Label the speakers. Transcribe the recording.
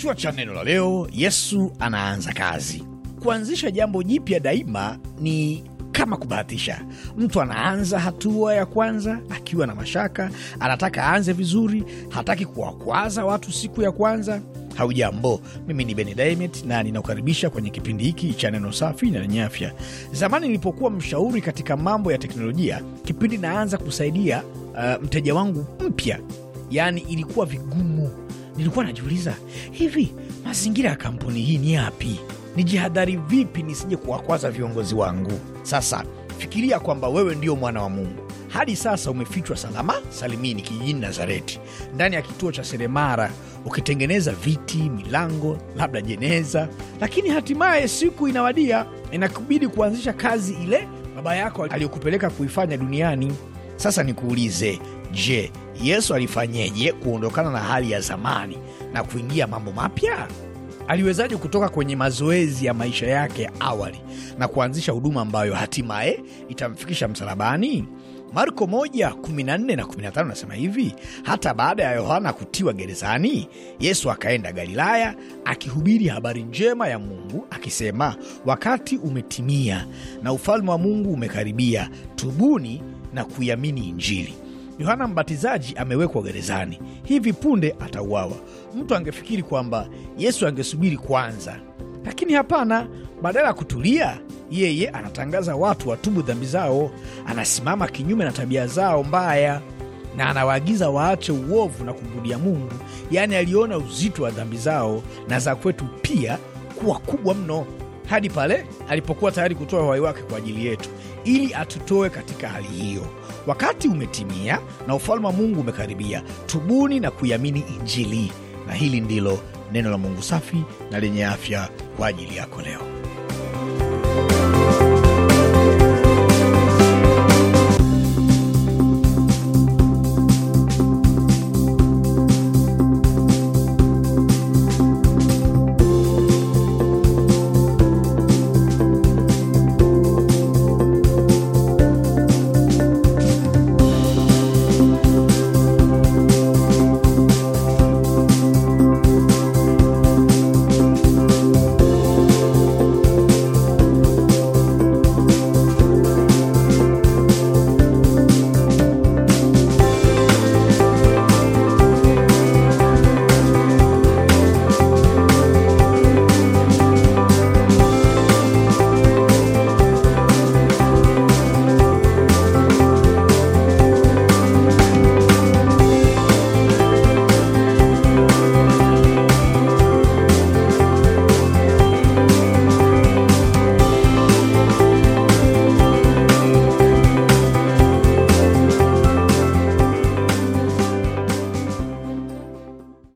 Speaker 1: Kichwa cha neno la leo: Yesu anaanza kazi. Kuanzisha jambo jipya daima ni kama kubahatisha. Mtu anaanza hatua ya kwanza akiwa na mashaka, anataka aanze vizuri, hataki kuwakwaza watu siku ya kwanza. Haujambo, mimi ni Beni Daimet na ninakukaribisha kwenye kipindi hiki cha neno safi na lenye afya. Zamani nilipokuwa mshauri katika mambo ya teknolojia, kipindi naanza kusaidia uh, mteja wangu mpya, yaani ilikuwa vigumu nilikuwa najiuliza hivi, mazingira ya kampuni hii ni yapi? Nijihadhari vipi nisije kuwakwaza viongozi wangu? Sasa fikiria kwamba wewe ndio mwana wa Mungu hadi sasa umefichwa salama salimini kijijini Nazareti, ndani ya kituo cha seremara, ukitengeneza viti, milango, labda jeneza. Lakini hatimaye siku inawadia, inakubidi kuanzisha kazi ile baba yako aliyokupeleka kuifanya duniani. Sasa nikuulize, je, Yesu alifanyeje kuondokana na hali ya zamani na kuingia mambo mapya? Aliwezaje kutoka kwenye mazoezi ya maisha yake ya awali na kuanzisha huduma ambayo hatimaye itamfikisha msalabani? Marko 1:14 na 15 nasema hivi: hata baada ya Yohana kutiwa gerezani, Yesu akaenda Galilaya akihubiri habari njema ya Mungu akisema, wakati umetimia na ufalme wa Mungu umekaribia, tubuni na kuiamini Injili. Yohana Mbatizaji amewekwa gerezani, hivi punde atauawa. Mtu angefikiri kwamba Yesu angesubiri kwanza, lakini hapana. Badala ya kutulia, yeye anatangaza watu watubu dhambi zao, anasimama kinyume na tabia zao mbaya na anawaagiza waache uovu na kumrudia Mungu. Yaani aliona uzito wa dhambi zao na za kwetu pia kuwa kubwa mno hadi pale alipokuwa tayari kutoa uhai wake kwa ajili yetu ili atutoe katika hali hiyo. Wakati umetimia na ufalme wa Mungu umekaribia. Tubuni na kuiamini Injili, na hili ndilo neno la Mungu safi na lenye afya kwa ajili yako leo.